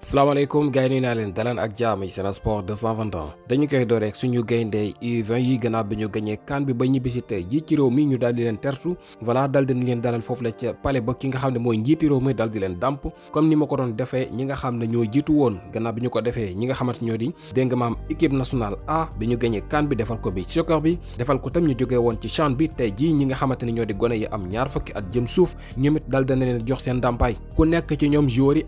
salaamaaleykum gars yi nuyu naa leen daleen ak jaam yi Sen Sport 221 dañu koy door rek suñu gayndee U20 yi gannaaw bi ñu gañee kan bi ba ñibbisi tey jii ci réew mi ñu daal di leen tertu voilà dal dinañ leen dalal foofu la ca pale ba ki nga xam ne mooy njiiti réew mi dal leen dàmp comme ni ma ko doon defee ñi nga xam ne ñoo jiitu woon gannaaw bi ñu ko defee ñi nga xamante ñoo di dégg maam équipe A bi ñu gañee kan bi defal ko bi soccer bi defal ko tam ñu jógee woon ci CHAN bi tey jii ñi nga xamante ne ñoo di gone yi am ñaar fukki at jëm leen jox seen ndàmpaay ku nekk ñoom joueur yi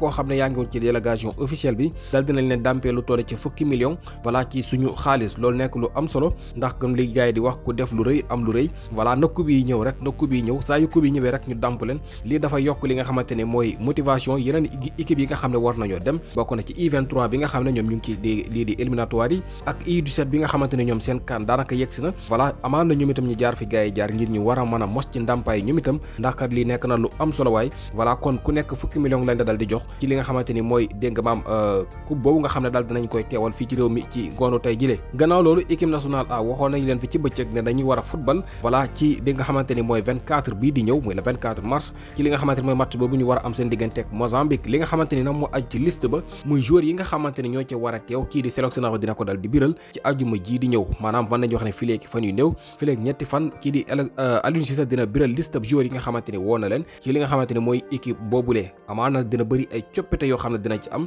koo xam ne yaa ngi ci délégation officielle bi dal dinañ leen dampé lu toll ci fukki million voilà ci suñu xaalis loolu nek lu am solo ndax comme li gars di wax ku def lu reuy am lu reuy voilà na kub yi rek na kub yi ñëw saa yu kub yi ñëwee rek ñu dàmp leen lii dafa yok li nga xamante moy motivation yeneen équipe yi nga xamné war nañu dem bokk na ci e 23 bi nga xamné ñom ñu ngi ci di lii di éliminatoire yi ak e 17 bi nga xamante ñom seen kan daanaka yegsi na voilà amana ñom itam ñu jaar fi gars jaar ngir ñu wara mëna mos ci ndàmpaay ñom itam ndax kat li nek na lu am solo way voilà kon ku nek fukki million lañ la dal di jox ci li nga xamante ni mooy dégg maam euh, coupe boobu nga xam ne daal dinañ koy teewal fii ci réew mi ci ngoonu tey jile gannaaw loolu équipe nationale A waxoon nañu leen fi ci bëccëg ne dañuy war football voilà ci li nga xamante mooy 24 bii di nag dina ko ay coppite yoo xam xam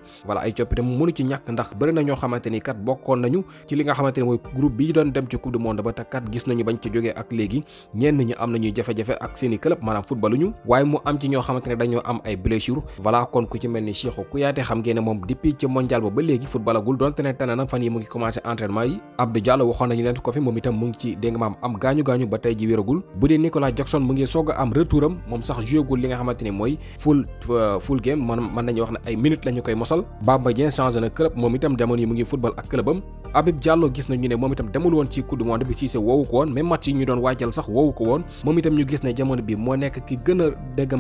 ne waaye mu am ci ñoo xamante dañoo am ay blessure voilà kon ku ci mel ni Cheikhou Kouyaté xam ngeen moom depuis ci mondial ba ba léegi footballagul donte ne tane fan yi mu ngi commencé entraînement yi Abdou Diallo waxoon nañu leen ko fi moom itam mu ngi ci dégg am gaañu gaañu ba tey ji wéragul bu dee Nicolas Jackson mu ngi soog am retouram moom sax joué gul li nga xamante mooy full euh, game man nañu wax ne ay minutes la koy mosal Bamba Dieng changé na club moom itam demoon yi mu ngi football ak clubam Habib Diallo gis nañu ne moom itam demul woon ci coupe monde bi Cissé woowu ko woon même match yi ñu doon waajal sax woowu ko woon moom itam ñu gis ne jamono bi moo nekk ki gën a dégg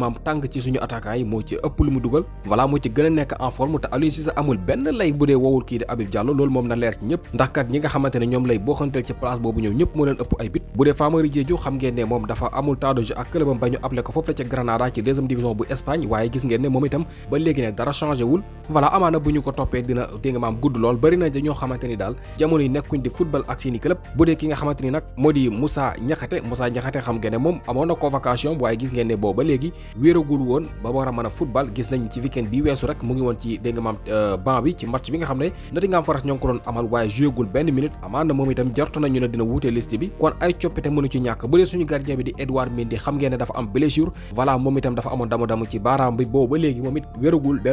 ci suñu attaquant moo ci ëpp lu mu dugal voilà moo ci gën nekk en te Aliou Cissé amul benn lay bu dee woowul kii di Habib Diallo loolu moom na leer ci ñëpp ndax kat changé wul voilà amana buñu ko topé dina di nga maam gudd lool bari na ñoo xamante ni daal jamono yi nekkuñ di football ak seeni club budé ki nga xamanteni nak modi di Moussa Niakhaté Moussa Niakhaté xam ngeen ne moom convocation waaye gis ngeen bo ba légui won ba wara mëna football gis nañ ci weekend bi wésu rek mu ngi won ci dégg nga maam euh, ban bi ci match bi nga Nottingham Forest ko don amal way jouégul ben minute amana moom itam jortu nañu na dina wuute liste bi kon ay ciopété mënu ci ñak budé suñu gardien bi di Edouard Mendy xam ngeen né dafa am blessure voilà moom itam dafa amon damo damu ci baram bi booba léegi moom it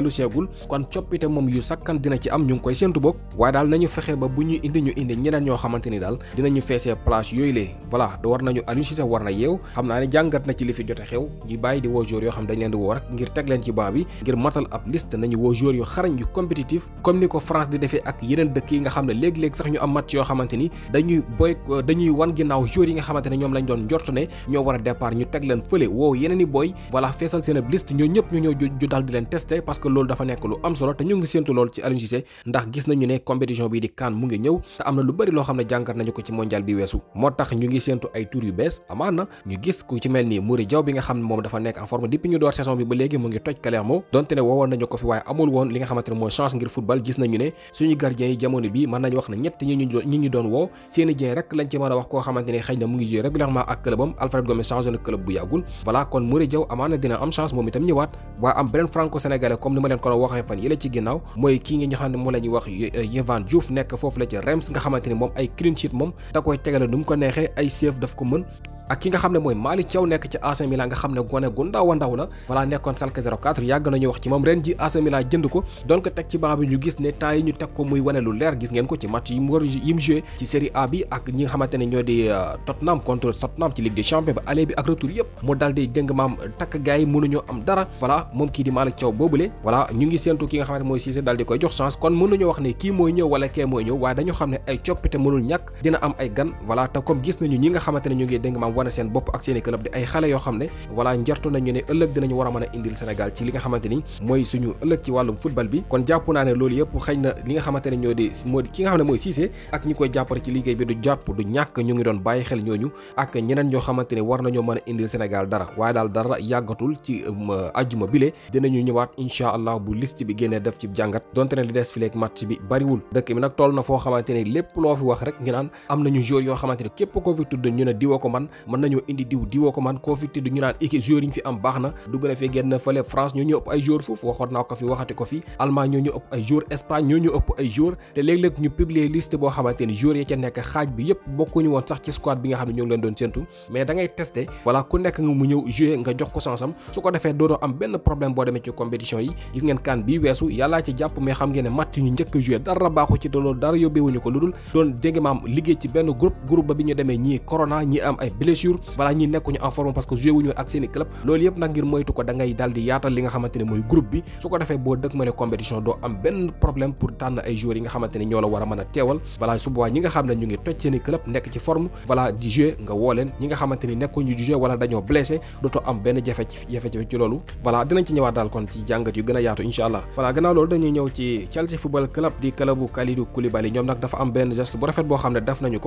ségu deful kon coppite moom yu sakkan dina ci am ñu ngi koy séntu bokk waaye daal nañu fexe ba bu ñuy indi ñu indi ñeneen ñoo xamante ni daal dinañu feesee place yooyu lee voilà war nañu Aliou Cissé war na yeew xam naa ne jàngat na ci li fi jote xew ñu bàyyi di woo yoo xam dañ leen di woo rek ngir teg leen ci banc bi ngir matal ab liste nañu woo yu xarañ yu compétitif comme ni ko France di defee ak yeneen dëkk yi nga xam ne léeg-léeg sax ñu am match yoo nek lu am solo te ñu ngi sentu lool ci Aliou Cissé ndax gis nañu ne compétition bi di kan mu ngi ñew te amna na lu bari lo xamne ne nañu ko ci mondial bi wessu motax ñu ngi sentu ay tour yu bes amana ñu gis ku ci melni ni Diaw bi nga xamne mom dafa nek en forme depuis ñu door saison bi ba légui mu ngi toj Clermont donte ne wowon nañu ko fi amul won li nga xamantene ne chance ngir football gis nañu ne suñu gardien yi jamono bi man nañ wax na ñett ñi ñu ñi doon wo seen jeen rek lañ ci mëna wax ko xamantene ne mu ngi jouer régulièrement ak Alfred Gomes changé na club bu yagul voilà kon Mouri Diaw amana dina am chance moom itam waa am beneen franco sénégalais comme ni ma leen ko waxee fan yële ci ginnaaw mooy kii nga xam ne moom la ñuy wax Yehvan euh, nekk foofu la ci Reims nga xamante ni moom ay clean sheet moom da koy tegale nu mu ko neexee ay chef daf ko mën ak ki nga xam ne mooy Malick Thiaw nekk ci AC Milan nga xam ne gone gu ndaw a ndaw la voilà nekkoon Schalke 04 yàgg nañu wax ci moom ren ji AC jënd ko doon ko teg ci banc bi ñu gis ne temps yi ñu teg ko muy wane lu leer gis ngeen ko ci match yi mu ci série A bi ak ñi nga xamante ñoo di euh, Tottenham contre Tottenham ci Ligue des Champions ba aller bi ak retour yëpp mu dal di dëng maam takk gars yi mënuñoo am dara voilà moom kii di Malick Thiaw boobule voilà ki nga xamante mooy mooy ñëw wala kee mooy ñëw waaye dañu xam ne ay coppite wane seen bopp ak seeni club di ay xale yoo xam ne voilà njartu nañu ne ëllëg dinañu war a mën a indil Sénégal ci li nga xamante ni mooy suñu ëllëg ci wàllum football bi kon jàpp naa ne loolu yëpp xëy na li nga xamante ne ñoo di moo ki nga ne mooy Cissé ak ñi koy jàppale ci liggéey bi du jàpp du ñàkk ñu ngi doon bàyyi xel ñooñu ak ñeneen ñoo xamante ne war nañoo mën a indil Sénégal dara waaye daal dara yàggatul ci um, ajjuma bile dinañu ñëwaat incha allah bu liste bi génnee def ci jàngat donte ne li des bi bariwul dëkk bi nag toll na foo xamante ne lépp loo fi wax rek ngi am nañu joueur yoo xamante ne képp ko fi tudd ñu ne diwa ko man mën nañoo indi diw diwoo ko man koo fi te du ñu naan équipe joueurs yi ñu fi am baax na dugg na fi génn fële France ñoo ñu ëpp ay joueurs foofu waxoon naa ko fi waxati ko fi Allemagne ñoo ñu ëpp ay joueurs Espagne ñoo ñu ëpp ay joueurs te ca nekk xaaj bi yëpp bokkuñu woon sax ci squad bi nga xam ne ñoo leen doon séntu mais da ngay testé ku nekk nga mu ñëw jouer nga jox ko sansam su ko defee doodoo am benn problème boo demee ci compétition yi gis ngeen kan bi blessure voilà ñi nekkuñu en forme parce que joué wuñu ak seen club loolu yëpp nag ngir moytu ko da ngay yaatal li nga xamante mooy groupe bi su ko defee boo dëkk ma compétition doo am benn problème pour tànn ay joueurs yi nga xamante ñoo la war a mën a teewal voilà su ñi nga xam ne ñu ngi toj seen i club nekk ci forme voilà di joué nga woo ñi nga xamante nekkuñu di joué wala dañoo blessé dootoo am benn jafe ci loolu ci a loolu dañuy ñëw am benn geste bu rafet boo xam ne def nañu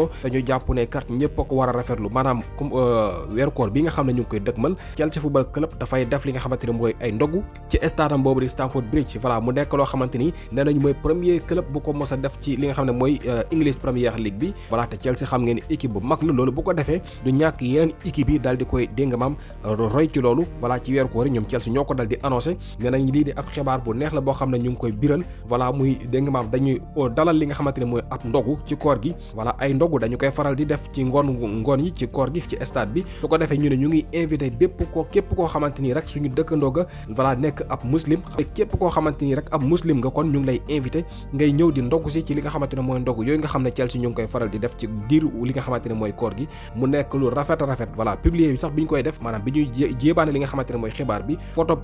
comme euh, weeru koor bi nga xam ne ñu ngi koy dëkkmal Chelsea football club dafay def li nga xamante ni mooy ay ndogu ci stadam boobu di Stamford Bridge voilà mu nekk loo xamante ni nee nañu mooy premier ko mos a def ci li nga xam ne mooy euh, English Premier League bi voilà te Chelsea xam ngeen équipe bu mag la loolu bu ko defee du ñàkk yeneen équipe di koy dégg maam euh, roy ci loolu voilà ci weeru koor yi ñoom Chelsea ñoo ko dal di nee nañ lii di ab xibaar bu neex la boo xam ne ñu ngi koy biral voilà muy dégg maam dañuy dalal li nga xamante ne mooy ab ndogu ci koor gi voilà ay ndogu dañu koy faral di def ci ngoon ngoon yi ci koor gi ci stade bi su ko defee ñu ne ñu ngi invité bépp ko képp koo xamante ni rek suñu dëkkandoo ga voilà nekk ab muslim képp koo xamante ni rek ab muslim nga kon ñu ngi lay invité ngay ñëw di ndogu si ci li nga xamante mooy ndogu yooyu xam ne Chelsea ñu ngi koy faral ci li nga xamante ne mooy koor gi lu rafet rafet voilà publier ñu koy def maanaam bi ñuy jéebaane li nga xamante ne mooy xibaar bi photo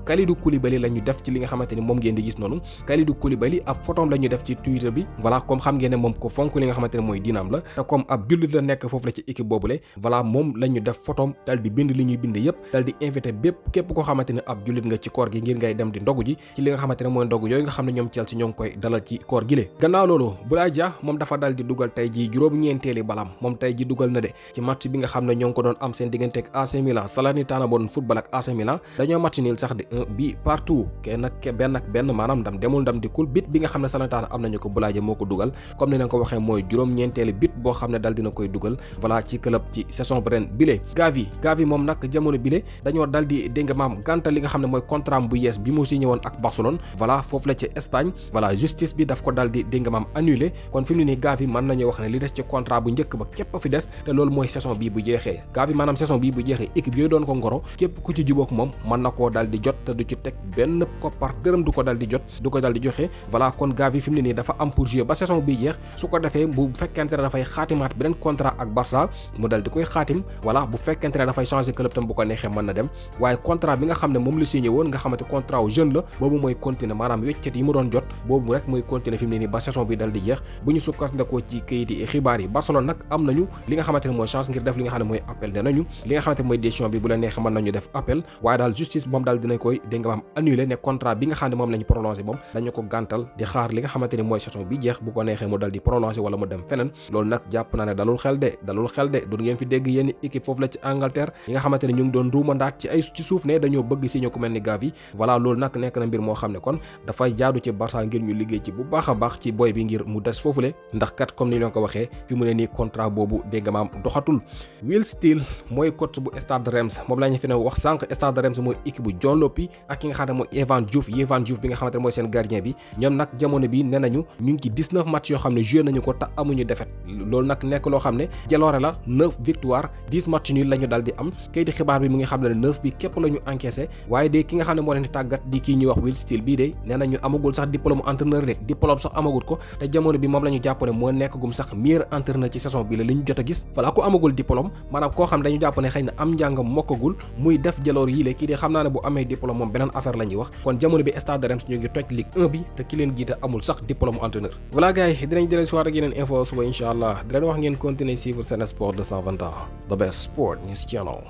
moom ngeen di gis noonu Kalidou Koulibaly ab photom la ñu def ci Twitter bi voilà comme xam ngeen moom ko fonk li nga xamante mooy diinaam la te comme ab jullit la nekk foofu la ci équipe boobule voilà moom moom la ñu def photom dal di bind li ñuy bind yépp dal di invité bépp képp koo xamante ne ab jullit nga ci koor gi ngir ngay dem di ndogu ji ci li nga xamante ne mooy ndogu yooyu nga xam ne ñoom Chelsea ñoo ngi koy dalal ci koor gi le gannaaw loolu Boulaye Dia moom dafa dal dugal tey ji juróom-ñeenteeli balam moom tey ji dugal na de ci match bi nga xam ne ñoo ko doon am seen diggante ak AC Milan Salernitana football ak AC dañoo match nil sax di kul ren bile Gavi Gavi moom nag jamono bile dañoo dal di dégg nga xam ne mooy contrat bu yees bi mu signé woon ak Barcelone voilà foofu la ca Espagne voilà justice bi daf ko dal di dégg maam annulé kon fi mu ne nii Gavi mën nañoo wax ne li des ci contrat bu njëkk ba képp a fi des te loolu mooy saison bii bu jeexee Gavi maanaam saison bii bu jeexee équipe yooyu doon ko ngoro képp ku ci jubóog moom mën na koo dal jot te du ci teg benn koppar dërëm du ko dal di di joxe voilà kon Gavi fi bi jeex su ko defee bu fekkente ne dafay xaatimaat beneen contrat ak Barça mu dal di koy xaatim voilà bu fekkente ne dafay changer club tam bu ko neexee mën na dem waaye contrat bi nga xam ne moom la signé woon nga xamante contrat wu jeune la boobu mooy continuer maanaam weccet yi mu doon jot boobu rek mooy continuer fi ne nii ba saison bi dal di jeex bu ñu sukkandikoo ci kayiti xibaar yi Barcelone nag am nañu li nga xamante ne mooy chance ngir def li nga xam mooy appel dinañu li nga xamante mooy décision bi bu la neexee mën nañu def appel équipe foofu la ci Angleterre yi nga xamante ne ñu ngi doon ruumandaat ci ay ci suuf ne dañoo bëgg signé ku mel ni Gavi voilà loolu kon dafay jaadu ci Barça ngir ñu liggéey a baax ci boy bi ngir mu des foofule waxee fi mu ne nii mooy coach bu Stade Reims moom laa wax sànq Stade Reims mooy équipe bu nga xam ne mooy Evan Diouf Evan bi nga xamante ne mooy seen gardien bi ñoom nag jamono bi ne nañu ñu ngi ci 19 match yoo xam ne joué nañu ko te amuñu défaite loolu nag nekk loo xam ne jaloore la 9 victoire 10 match nul lañu daldi am kayti xibaar bi mu ngi xam na 9 bi kep lañu encaissé waye de ki nga xam ne mo leen di tagat di ki ñu wax Will steel bi de nee ñu amagul sax diplôme entraîneur rek diplôme sax amagul ko te jamono bi mom lañu jappone mo nekk gum sax meilleur entraîneur ci saison bi la liñu jotta gis wala ko amagul diplôme manam ko xam dañu jàpp ne xëy na am njàngam mokkagul muy def jëlor yi le ki de xam na ne bu amé diplôme mom benen affaire lañu wax kon jamono bi Stade Reims ñu ngi toj Ligue 1 bi te ki leen gita amul sax diplôme entraîneur wala gay dinañ jël ci war ak yeneen info suba inshallah dinañ wax ngeen continuer suivre Sen Sport ans the best sport in his channel.